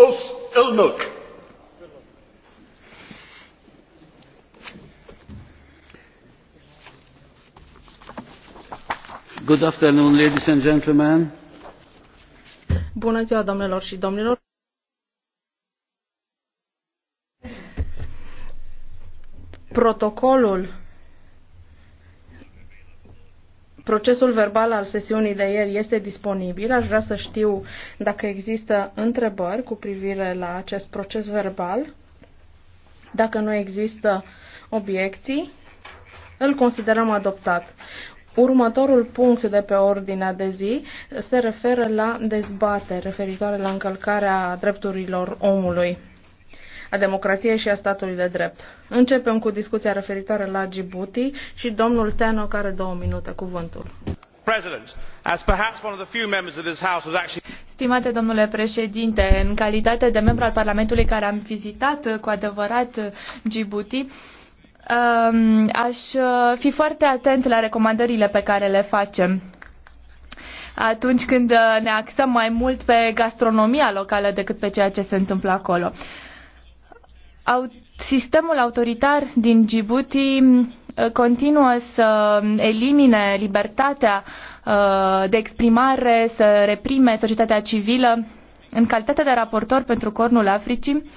Os Elnök. Good afternoon, ladies and gentlemen. Bună ziua, domnilor și domnilor. Protocolul Procesul verbal al sesiunii de ieri este disponibil. Aș vrea să știu dacă există întrebări cu privire la acest proces verbal. Dacă nu există obiecții, îl considerăm adoptat. Următorul punct de pe ordinea de zi se referă la dezbatere referitoare la încălcarea drepturilor omului a democrației și a statului de drept. Începem cu discuția referitoare la Djibouti și domnul Teno care două minute cuvântul. Stimate domnule președinte, în calitate de membru al Parlamentului care am vizitat cu adevărat Djibouti, um, aș uh, fi foarte atent la recomandările pe care le facem atunci când uh, ne axăm mai mult pe gastronomia locală decât pe ceea ce se întâmplă acolo. Uh, sistemul autoritar din Djibouti uh, continuă să elimine libertatea uh, de exprimare, să reprime societatea civilă. În calitate de raportor pentru Cornul Africii,